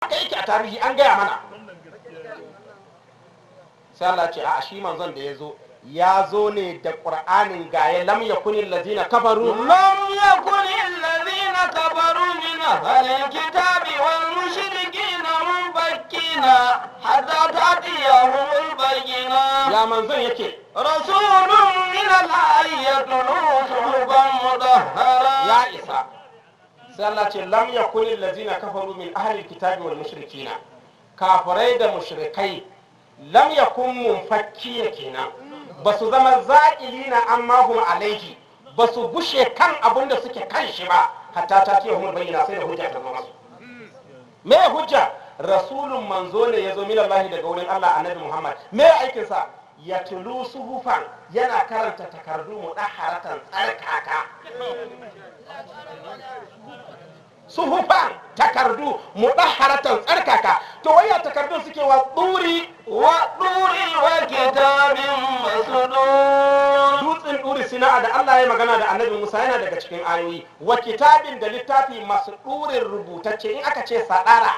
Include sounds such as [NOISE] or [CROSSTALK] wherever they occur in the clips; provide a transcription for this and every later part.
haka yake a tarihi an gaya mana sai Allah ce a shi manzon da ya zo ya zo ne da ƙur'anin gaya lam yakunil ladina kafaru lam yakunil ladina kafaru min ahlil kitabi wal mushrikin munfakina hatta ta'tiyahumul bayyina ya manzon yake rasulun min Allah yatlu suhuban mudahhara ya isa sai Allah ce lam yakun allazina kafaru min ahli alkitabi wal mushrikina kafirai da mushrikai lam yakun munfakkiya kenan ba su zama za'ilina amma hum alaihi ba su gushe kan abin da suke kan shi ba hatta ta ce hum bayyana sai da hujja ta me hujja rasulun manzo ne ya zo min Allah daga wurin Allah annabi Muhammad me aikin sa ya tulu suhufan yana karanta takardu mu haratan tsarkaka suhufa takardu mudahharatan tsarkaka to waya takardun suke wa duri wa duri wa kitabin masudur dutsin duri da Allah ya magana da Annabi Musa yana daga cikin ayoyi wa kitabin da littafi masudurin rubutacce in aka ce sadara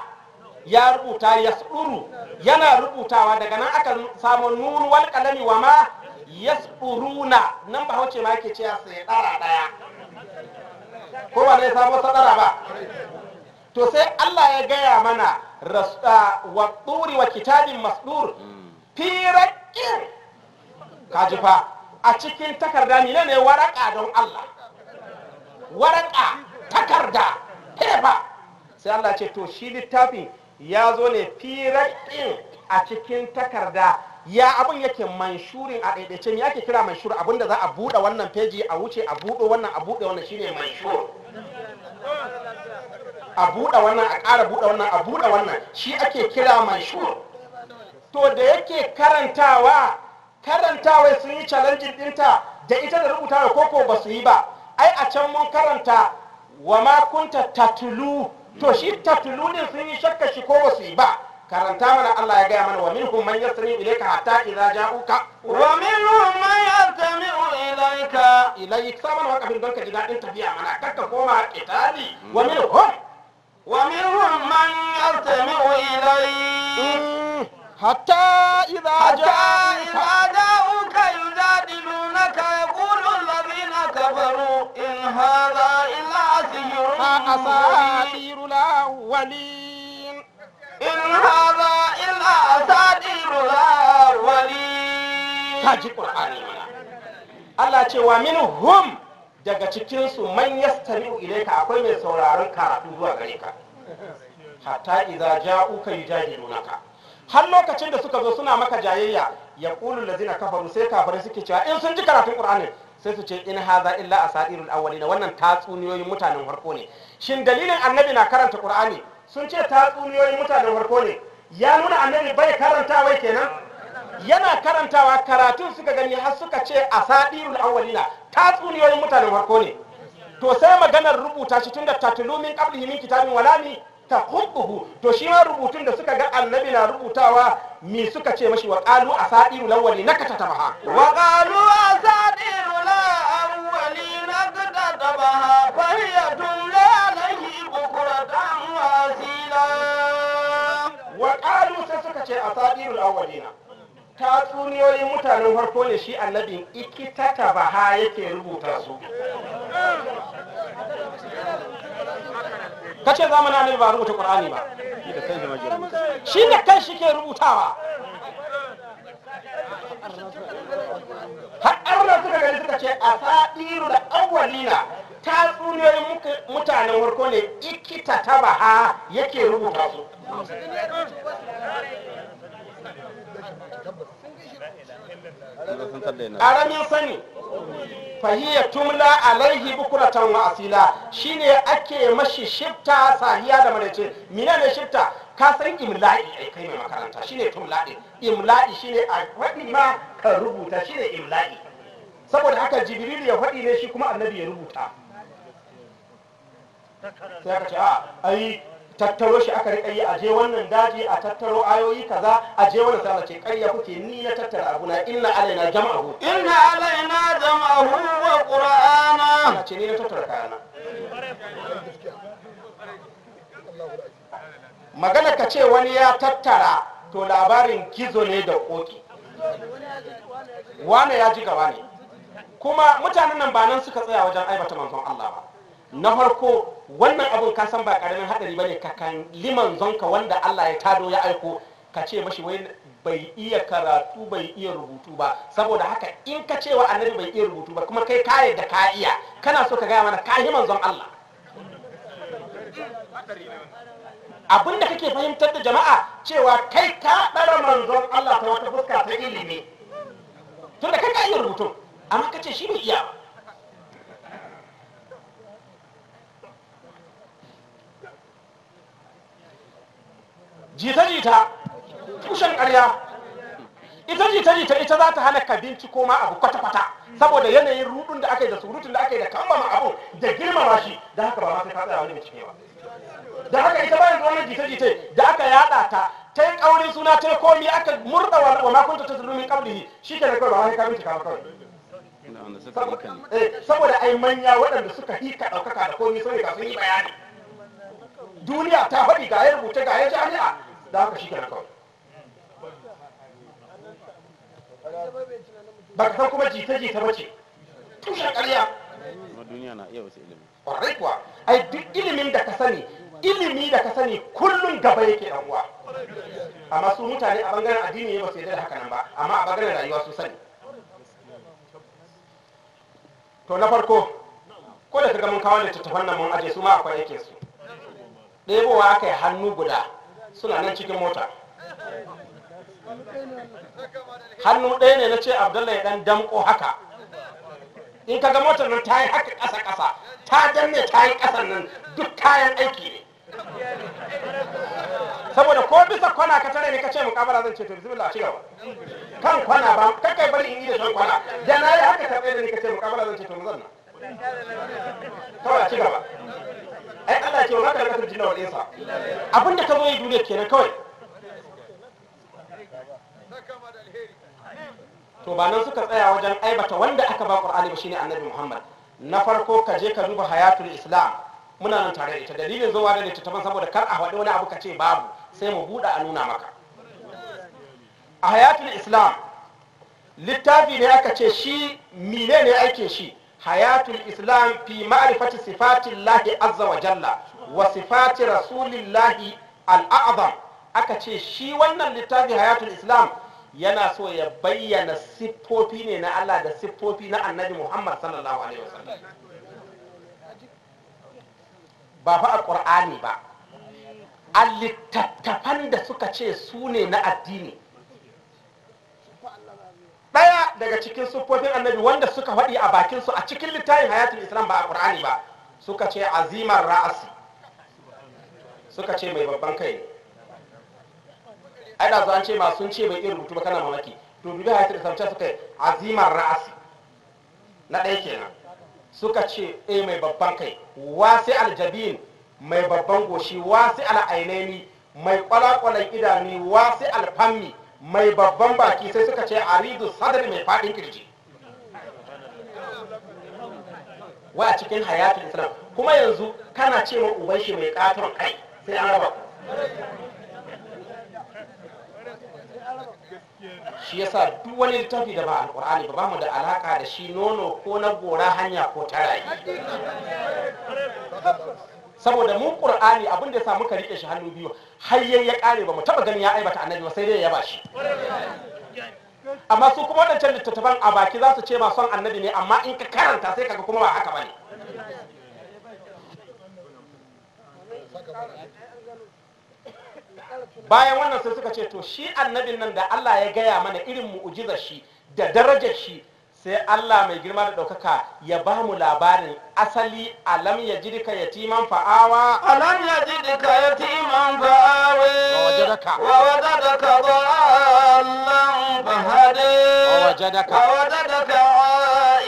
ya rubuta yasduru yana rubutawa daga nan aka samu nun wal qalami wa ma yas’uruna. nan ba hauce ma yake cewa sai dara daya ko ba zai samu sadara ba to sai Allah ya gaya mana wa turi wa kitabin masdur firakin kajifa a cikin takarda ne ne waraka don Allah waraka takarda fa sai Allah ce to shi littafin ya zo ne firakin a cikin takarda ya abin yake manshurin a ɗaiɗaice ya ke kira manshur abinda da za a buɗe wannan feji a wuce a buɗe wannan a buɗe wannan shine manshur a buɗe wannan a ƙara buɗe wannan a buɗe wannan shi ake kira manshur to da yake karantawa karantawa sun yi challenging dinta da ita da rubuta da koko ba su yi ba ai a can mun karanta wa ma kunta tatulu to shi tatulu ne sun yi shakka shi ko ba su yi ba karantawana Allah ya gaya mana wa minhum man yastami ilayka hatta idza ja'uka wa minhum man yastami ilayka ilayka saman wa kafin don ka ji dadin tafiya mana kakka koma itali wa minhum wa minhum man yastami ilayka hatta idza ja'uka yujadilunaka يقول الذين كفروا إن هذا إلا asihrun أساطير الأولين in haza illa qur'ani Allah ce wa minhum daga cikin su man yastami'u ilayka akwai mai sauraron karatu zuwa gare ka hatta idza ja'uka yujadilunaka har lokacin da suka zo suna maka jayayya ya kulun da zina kafaru sai kafaru suke cewa in sun ji karatun ƙur'anin sai su ce in haza illa a sa'irul awali. na wannan tatsuniyoyin mutanen farko ne shin dalilin annabi na karanta ƙur'ani sun ce tatsuniyoyin mutanen farko ne ya nuna annabi bai karantawa kenan yana karantawa karatun suka gani har suka ce a sadirul awwalina tatsuniyoyin mutane farko ne to sai maganar rubuta shi tunda tatulumin qablihi min kitabin walami tahubbuhu to shi ma rubutun da suka ga annabi na rubutawa mi suka ce mashi wa qalu asadiru lawwali na katatabaha wa qalu asadiru lawwali na katatabaha aka a asadirul awalina ta tsuniyoyin mutanen farko ne shi annabin ta baha yake rubuta su kace zamanin annabi ba rubuta qur'ani ba shi da kai shi ke rubutawa har arna suka gani suka ce a sadiru da awwalina ta tsuniyoyin mutanen farko ne ikita ta baha yake rubuta su karamin sani fahiyya tumla alaihi bukuratan wa asila shine ake mashi shifta sahiya da maraice mina ne shifta ka san imla'i ai kai mai makaranta shine ne tumla'i imla'i shine a waɗi ma ka rubuta shine imla'i saboda haka jibril ya faɗi ne shi kuma annabi ya rubuta sai ka a ah, ai tattaro shi aka riƙa yi a je wannan daji a tattaro ayoyi kaza a je wannan sama ce ƙarya kuke ni na tattara abu na inna alaina jama'ahu inna alaina jama'ahu wa qur'ana ce ni na tattara kayana magana ka ce wani ya tattara to labarin gizo ne da koki wane ya ji gaba ne kuma mutanen nan ba nan suka tsaya wajen aibata manzon Allah ba na farko wannan abun ka san ba karamin hadari bane ka kan liman zonka wanda Allah ya tado ya aiko ka ce mashi wai bai iya karatu bai iya rubutu ba saboda haka in ka ce wa annabi bai iya rubutu ba kuma kai ka yadda ka iya kana so ka gaya mana ka yi manzon Allah abin da kake fahimtar da jama'a cewa kai ka ɗara manzon Allah ta wata fuska ta ilimi tunda kai ka iya rubutu amma ka ce shi bai iya ba jita-jita tushen karya ita jita-jita ita za ta hana ka binciko ma abu kwata-kwata saboda yanayin rudun da aka yi da surutun da aka yi da kambama abu da girmama shi da haka ba ma sai ka tsaya wani bincike ba da haka ita bayan wannan jita-jita da aka yada ta ta yi kaurin suna ta komi aka murda wa makunta ta zulumin kabli shi ke da kawai ba wani ka bincika ba kawai eh, saboda ai manya waɗanda suka hika ɗaukaka da komi sun yi ka sun yi bayani duniya ta faɗi ga ya rubuta ga ya jami'a da haka shi kenan kawai ba ka kuma jita-jita mace, tushen ƙarya kuma duniya na iya wasu ilimi ƙwarai kuwa ai duk ilimin da ka sani ilimi da ka sani kullum gaba yake ɗan uwa amma su mutane a bangaren addini ne ba su yadda da haka nan ba amma a bangaren rayuwa su sani to na farko ko da ka ga mun kawo tattafan nan mun aje su ma akwai yake su ɗebowa aka yi hannu guda suna nan cikin mota hannu ɗaya ne na ce abdullahi ɗan damko haka in kaga motar nan ta yi haka ƙasa ƙasa ta danne ta yi ƙasar nan duk kayan aiki ne saboda ko bisa kwana ka tare ne ka ce mu kabara zan ce to bismillah ci gaba kan kwana ba kakai bari in yi da kwana da na yi haka ta tsaye ne ka ce mu kabara zan ce to mu zanna kawai ci gaba da abin da ka zo yi duniya kenan kawai to ba nan suka tsaya wajen aibata wanda aka ba ƙurani ba shine annabi muhammad na farko ka je ka duba hayatun islam muna nan tare da ita dalilin zuwa da littattafan saboda kar a faɗi wani abu ka ce babu sai mu buɗe a nuna maka a hayatun islam littafi ne aka ce shi mine ne aikin shi hayatul islam fi ma'rifati sifatillahi azza wa jalla wasifati sifati rasulillahi al'azam aka ce shi wannan littafi hayatul islam yana so ya bayyana siffofi ne na Allah da siffofi na annabi Muhammad sallallahu alaihi wasallam ba fa a ƙur'ani ba a littattafan da suka ce su ne na addini ɗaya daga cikin siffofin annabi wanda suka faɗi a bakinsu a cikin littafin hayatul islam ba a ƙur'ani ba suka ce azimar ra'asi suka ce mai babban kai ai da an ce ma sun ce bai iya rubutu ba kana mamaki to bibi hayatul islam ce suka azimar ra'asi na ɗaya kenan suka ce eh mai babban kai sai aljabin mai babban goshi sai al'ainani mai kwalakwalan idanu sai alfammi mai babban baki sai suka ce aridu sadari mai faɗin kirji wa a cikin hayatul islam kuma yanzu kana ce ma uban shi mai katon kai sai an shi yasa duk wani littafi da ba alkur'ani ba mu da alaka da shi nono ko na gora hanya ko ta saboda mun ƙur'ani abin da yasa muka riƙe shi hannu biyu hayyar ya kare ba mu taba gani ya aibata annabi ba sai dai ya yaba shi amma su kuma wadancan littattafan a baki za su ce ma son annabi ne amma in ka karanta sai kaga kuma ba haka bane bayan wannan sai suka ce to shi annabin nan da Allah ya gaya mana irin mu'ujizar shi da darajar shi sai Allah mai girma da ɗaukaka ya ba mu labarin asali alam ya ji duka yatiman fa'awa alam ya ji duka yatiman fa'awa wa wajadaka wa wajadaka ba fahadi wa wajadaka wa wajadaka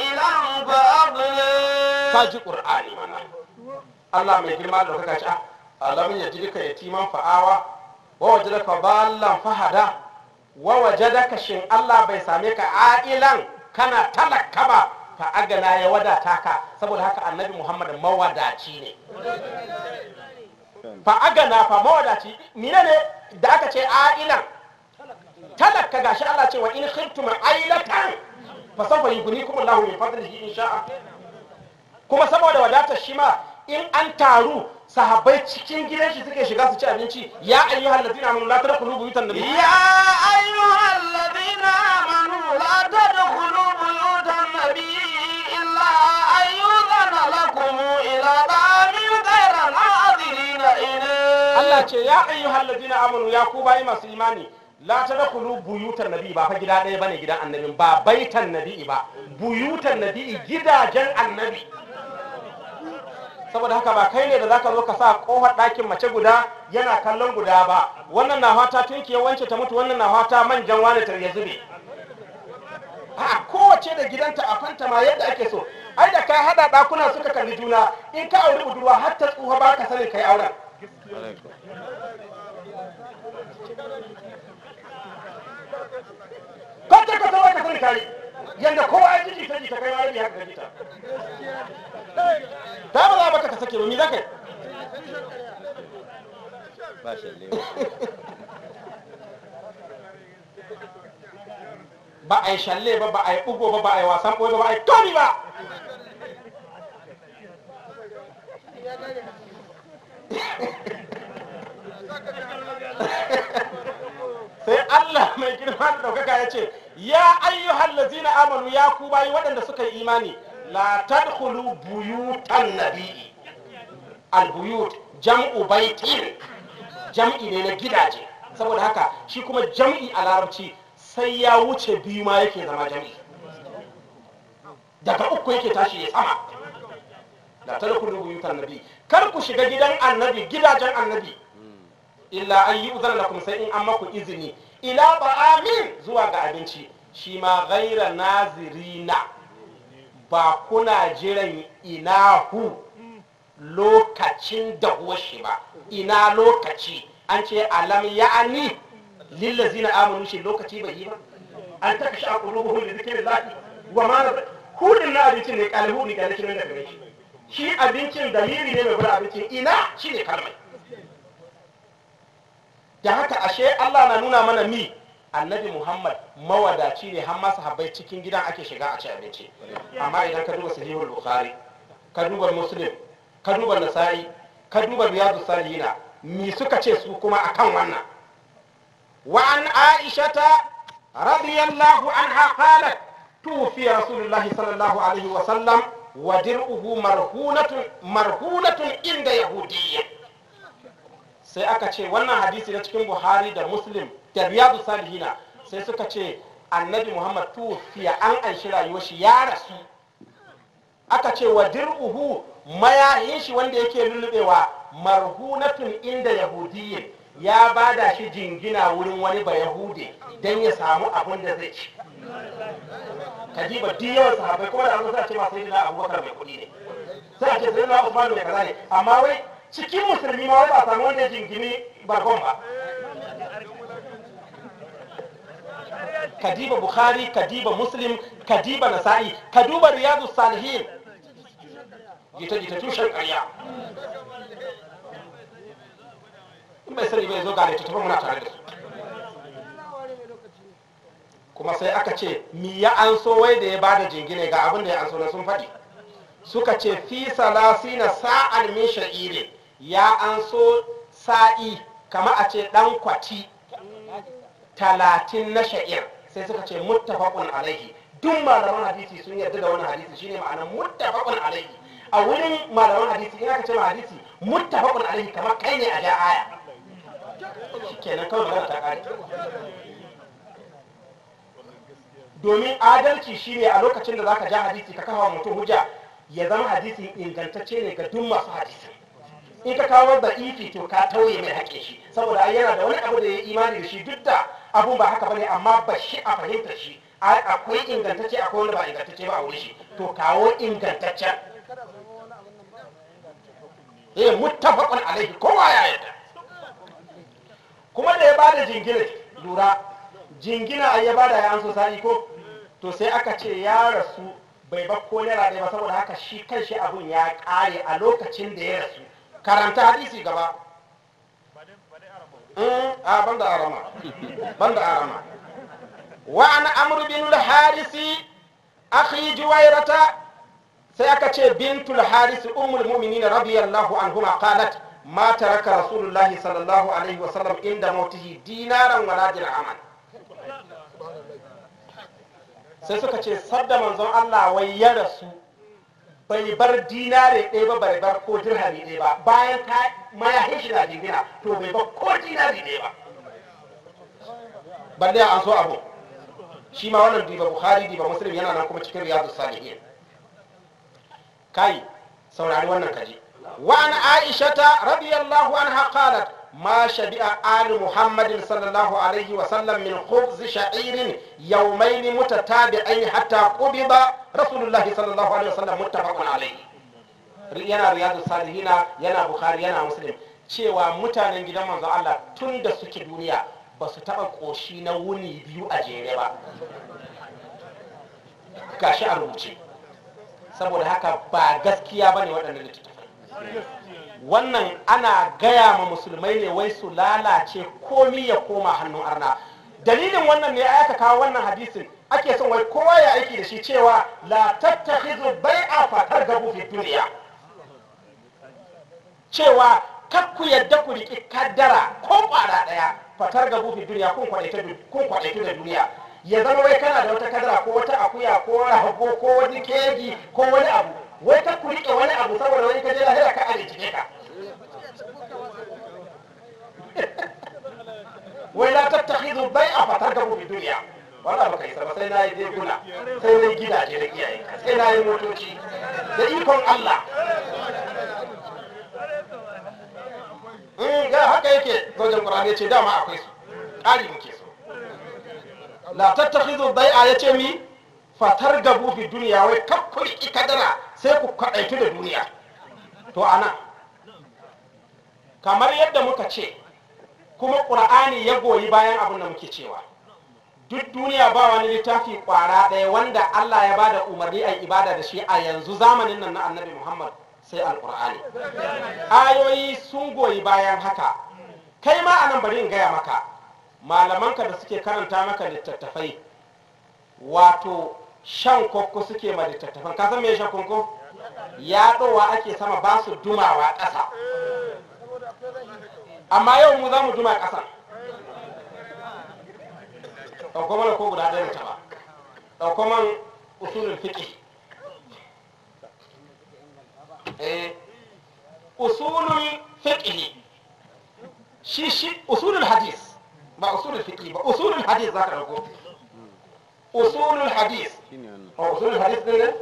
ilan ka kaji qur'ani mana Allah mai girma da ɗaukaka alam yajidka yatiman fa'awa wa wajadaka ballan fahada wa wajadaka shin Allah bai same ka ailan kana talaka ba fa agana ya wadata ka saboda haka annabi Muhammad mawadaci ne fa agana fa mawadaci mine ne da aka ce ailan talaka gashi Allah ce wa in khiftum ailatan fa sawfa yughnikum Allahu min fadlihi insha sha'a kuma saboda wadatar shi ma in an taru sahabbai cikin gidan shi suke shiga su ci abinci ya ayyuhal ladina amanu la tadkhulu buyutan nabi ya ayyuhal ladina amanu la tadkhulu buyutan nabi illa ayyudana lakum ila ta'amin ghayra nadirin ila Allah ce ya ayyuhal ladina amanu ya ku bai masu imani la tadkhulu buyutan nabi ba fa gida ɗaya bane gidan annabi. ba baitan nabi ba buyutan nabi gidajen annabi saboda haka ba kai ne da ka zo ka sa kofar ɗakin mace guda yana kallon guda ba wannan na fata tun tunkiyar wance ta mutu wannan na fata manjan wani ta zube a kowace da gidanta a fanta ma yadda ake so ai da ka hada ɗakuna suka kalli juna in ka auri budurwa har ta tsuha ba ka sani kai auren kwata ka zama ka sani kai yanda kowa ya jirgin ta jita kai ma ya haka jita ta ba za baka ta sake domin me zaka ba ba a yi shalle ba ba a yi bugo ba ba a yi wasan ɓoye ba ba a yi komi ba sai Allah mai girma da ɗaukaka ya ce ya ayyuhal ladzina amanu ya ku bayi waɗanda suka yi imani la tadkhulu buyutan nabi al buyut jam'u baitin jam'i ne na gidaje saboda haka shi kuma jam'i a larabci sai ya wuce biyu ma yake zama jam'i daga uku yake tashi ya sama la tadkhulu buyutan nabi kar ku shiga gidan annabi gidajen annabi illa an yi sai in an maku izini ila amin zuwa ga abinci shi ma gaira nazirina ba kuna jiran ina hu lokacin da shi ba ina lokaci an ce alam ya'ani lillazina amanu shi lokaci bai yi ba an taka shi a qulubuhum li dhikrillahi wa ma hudin na abincin ne kalihu ne ga kiran da gare shi shi abincin dalili ne mai gurin abincin ina shi ne kalmai da haka ashe Allah na nuna mana mi annabi muhammad mawadaci ne har masu habai cikin gidan ake shiga a ci abinci amma idan ka duba sahihul bukhari ka duba muslim ka duba nasa'i ka duba riyadu salihina mi suka ce su kuma akan wannan wa an ta radiyallahu anha qalat tufi rasulullahi sallallahu alaihi wa sallam wa dir'uhu marhunatun marhunatun inda yahudiyya sai aka ce wannan hadisi na cikin buhari da muslim da riyadu salihina sai suka ce annabi muhammad tufiya an anshi rayuwar shi ya rasu aka ce wa dir'uhu mayahin shi wanda yake lullubewa marhunatun inda yahudiyin ya bada shi jingina wurin wani ba yahudi don ya samu abin da zai ci kadiba duk yawan haɓe kuma da za a ce masu na abubakar mai kuɗi ne sai a ce sai na usman mai kaza ne amma wai cikin musulmi ma wai ba samu wanda jingini bargon ba kadiba bukhari kadiba muslim kadiba nasa'i ka duba riyadu salihin Gita-gita gita tushen ƙarya in bai sani bai zo ga littattafan muna tare da su kuma sai aka ce mi ya an so wai da ya bada jingine ga abin da ya an so na sun faɗi suka ce fi salasina sa'an min sha'iri ya an so sa'i kama a ce ɗan kwati talatin na sha'ir sai suka ce muttafaqun alaihi duk malaman hadisi sun yarda da wannan hadisi shine ma'anar muttafaqun alaihi a wurin malaman hadisi in aka ce hadisi muttafaqun alaihi kamar kai ne a ja aya kenan kawai magana ta kare domin adalci shine a lokacin da zaka ja hadisi ka kawo mutum hujja ya zama hadisi ingantacce ne ga duk masu hadisi in ka kawo da ifi to ka tauye mai haƙe shi saboda yana da wani abu da ya imani da shi duk da Abu ba haka bane amma ba shi a fahimta shi akwai ingantacce akwai wanda ba ingantacce ba a wuri shi to kawo ingantaccen eh muttafaqun alaihi kowa ya yarda kuma da ya bada jingina lura jingina ya bada ya an ko to sai aka ce ya rasu bai ba ko naira ba saboda haka shi kan shi abun ya ƙare a lokacin da ya rasu karanta hadisi gaba Eh, a ah, ban da arama ban da arama wa ana amru bin al-harisi akhi juwairata sai aka ce bintul harisi ummul mu'minin radiyallahu anhuma qalat ma taraka rasulullahi sallallahu alaihi wa sallam inda mautihi dinaran wala dirhaman sai suka ce sadda manzon Allah wai ya rasu bai bar dinare ɗaya ba bai bar ko dirhami ɗaya ba bayan ta maya shi na jingina to bai bar ko dinari ɗaya ba balle an so abu shi ma wannan diba bukhari diba muslim yana nan kuma cikin riyadu salihin kai saurari wannan kaji wa an aisha ta radiyallahu anha qalat ما شبع آل محمد صلى الله عليه وسلم من خبز شعير يومين متتابعين حتى قبض رسول الله صلى الله عليه وسلم متفق عليه yana riyadu salihina yana bukhari yana muslim cewa mutanen gidan manzo Allah tun da suke duniya ba su taɓa ƙoshi na wuni biyu a jere ba gashi a rubuce saboda haka ba gaskiya bane waɗannan littattafai wannan ana gaya ma musulmai ne wai su lalace komi ya koma hannun arna dalilin wannan ne aka kawo wannan hadisin ake son wai kowa ya aiki da shi cewa la bai a fatar ga bufi duniya cewa kakku yadda ku riƙi kaddara ko kwara ɗaya fatar ga bufi duniya kun kwaɗaitu da duniya ya zama wai kana da wata kadara ko wata akuya ko rahago ko wani keji ko wani abu wai ta ku riƙe wani abu saboda wani kaje lahira ka ajiye ka [LAUGHS] wai la tattakhidhu a fa tarkabu fi dunya wala baka isa ba sai na yi dekuna sai na yi gidaje da sai na yi da Allah eh, ga haka yake zojin qur'ani ce dama akwai su ƙari muke su. la tattakhidhu bai'a yace mi fatar gabu fi duniya wai kakkuri ikadara sai ku kadaitu da duniya to anan kamar yadda muka ce kuma ƙur'ani ya goyi bayan abin da muke cewa duk duniya ba wani littafi ƙwara ɗaya wanda Allah ya ba da umarni a ibada da shi a yanzu zamanin nan na annabi Muhammad sai alƙur'ani ayoyi sun goyi bayan haka kai ma a nan bari in gaya maka malamanka da suke karanta maka littattafai wato shan kokko suke ma littattafan ka san me shan kokko yaɗowa ake sama ba su dumawa ƙasa amma yau mu za mu duma ƙasa ɗauko mana ko guda ɗaya ba ɗauko man usulun fiƙi, eh usulul shi shi usulun hadis ba usulun fiƙi ba usulun hadis za ka ɗauko usulun hadis usulun hadis ɗin ne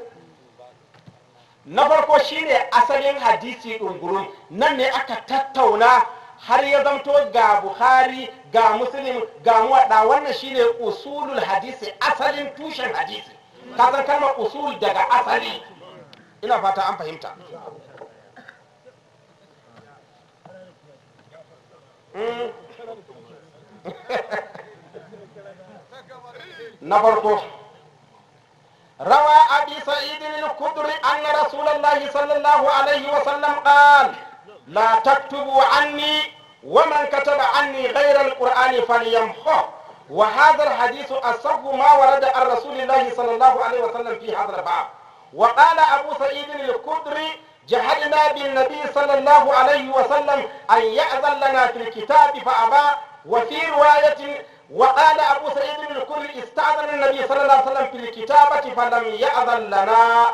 na farko shine asalin hadisi ɗungurum nan ne aka tattauna har ya zamto ga bukhari ga muslim ga muwaɗa wannan shine usulul hadisi asalin tushen hadisi ka san kalmar usul daga asali ina fata an fahimta hmm. [LAUGHS] na farko روى أبي سعيد الخدري أن رسول الله صلى الله عليه وسلم قال لا تكتبوا عني ومن كتب عني غير القرآن فليمحه وهذا الحديث أصح ما ورد عن رسول الله صلى الله عليه وسلم في هذا الباب وقال أبو سعيد الخدري جهلنا بالنبي صلى الله عليه وسلم أن يأذن لنا في الكتاب فأبى وفي رواية وقال أبو سعيد الخدري استأذن النبي صلى الله عليه وسلم في الكتابة فلم يأذن لنا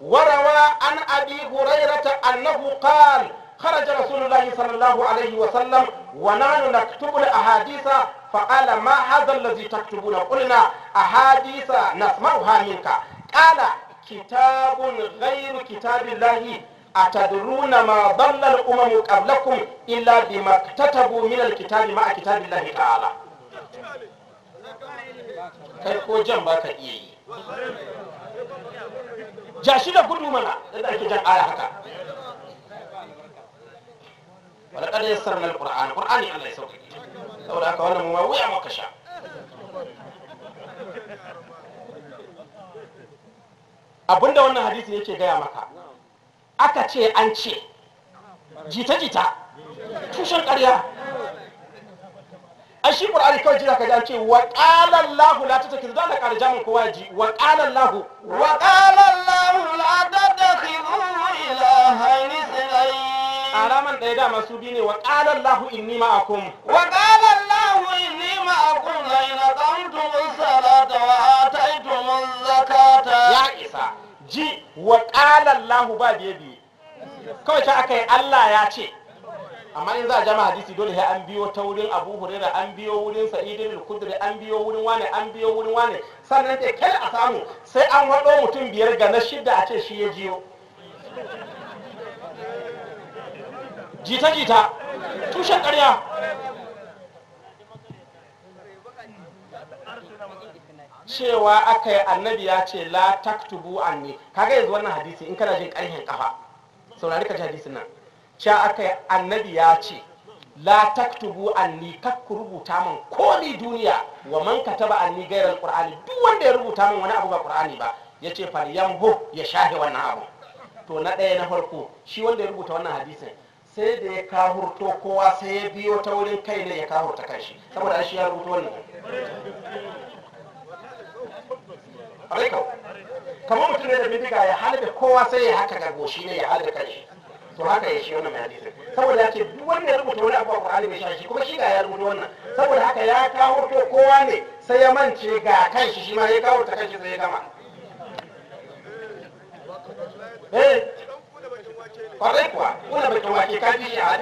وروى عن أبي هريرة أنه قال خرج رسول الله صلى الله عليه وسلم ونحن نكتب الأحاديث فقال ما هذا الذي تكتبون قلنا أحاديث نسمعها منك قال كتاب غير كتاب الله أتدرون ما ضل الأمم قبلكم إلا بما اكتتبوا من الكتاب مع كتاب الله تعالى kai ko jan ba ka iya yi ja shi da gudu mana wala kada yassarna alqur'ana qur'ani Allah ya sauƙaƙe saboda haka wannan ma wuya muka sha abinda wannan hadisi yake gaya maka aka ce an ce jita-jita tushen ƙarya an shi ƙur'ani kawai jira ka an ce wa ƙalan lahu la ta tafi zana ƙara jamin kowa ya ji wa ƙalan lahu wa ƙalan lahu la ta tafi ilahan isra'i ƙara ɗaya dama su bi ne wa ƙalar lahu inni ma'akum wa ƙalar lahu inni ma'akum la in salata wa zakata ya isa ji wa ƙalar lahu ba biye biye kawai ta aka yi Allah ya ce amma in za a jama hadisi dole sai an biyo ta wurin Abu Hurairah an biyo wurin sa'idin bin an biyo wurin Wane, an biyo wurin Wane? sannan da kyar a samu sai an waɗo mutum biyar ga na shidda a ce shi ya jiyo jita-jita tushen karya. cewa aka yi annabi ya ce la taktubu ne kaga yanzu wannan hadisi in kana jin ƙarfin kafa saurari ka ji hadisin nan cewa aka yi annabi ya ce la taktubu anni kakku rubuta min komi duniya wa man kataba anni gairar Kur'ani duk wanda ya rubuta min wani abu ba qur'ani ba yace fal yamhu ya shahi wannan abu to na ɗaya na farko shi wanda ya rubuta wannan hadisin sai da ya kahurto kowa sai ya biyo ta wurin kai ne ya kahurta kanshi saboda shi ya rubuta wannan alaikau kamar mutum ne da bindiga ya halbe kowa sai ya haka ga goshi ne ya halbe kanshi to haka ya shi wannan mai hadisin saboda ya ce duk wanda ya rubuta wani abu a Qur'ani bai shashi kuma shi ga ya rubuta wannan saboda haka ya kawo to kowa ne sai ya mance ga kanshi shi ma ya kawo ta kanshi sai ya gama eh, kwarai kuwa wannan bai tawaki ka ji a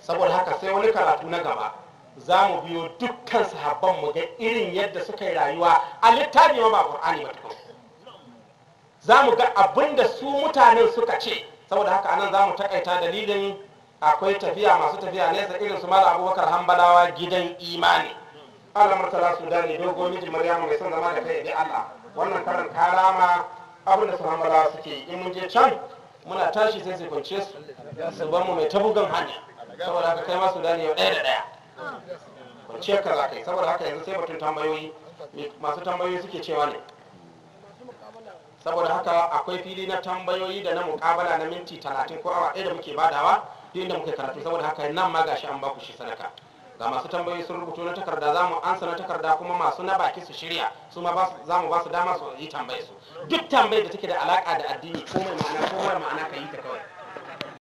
saboda haka sai wani karatu na gaba za mu biyo dukkan sahabban mu ga irin yadda suka yi rayuwa a littafi ma ba qur'ani ba za mu ga abin da su mutanen suka ce saboda haka anan za mu takaita dalilin akwai tafiya masu tafiya nesa irin su mara abubakar hambalawa gidan imani Allah murtala Sudani dogo miji Maryamu mai san zama da kai bi Allah wannan karin karama abin da su hambala suke in mun je can muna tashi sai su kwance su su ban mu mai tabugan hanya saboda haka kai ma Sudani yau ɗaya da ɗaya kwance ka za kai saboda haka yanzu sai batun tambayoyi masu tambayoyi suke cewa ne saboda haka akwai fili na tambayoyi da na mukabala na minti talatin ko awa ɗaya da muke badawa duk inda muke karatu saboda haka nan ma gashi an baku shi sadaka ga masu tambayoyi sun rubuto na takarda za mu ansa na takarda kuma masu na baki su shirya su ma za mu ba su dama su yi tambayi su duk tambayi da take da alaka da addini ko mai ma'ana ko mai ma'ana ka yi ta kawai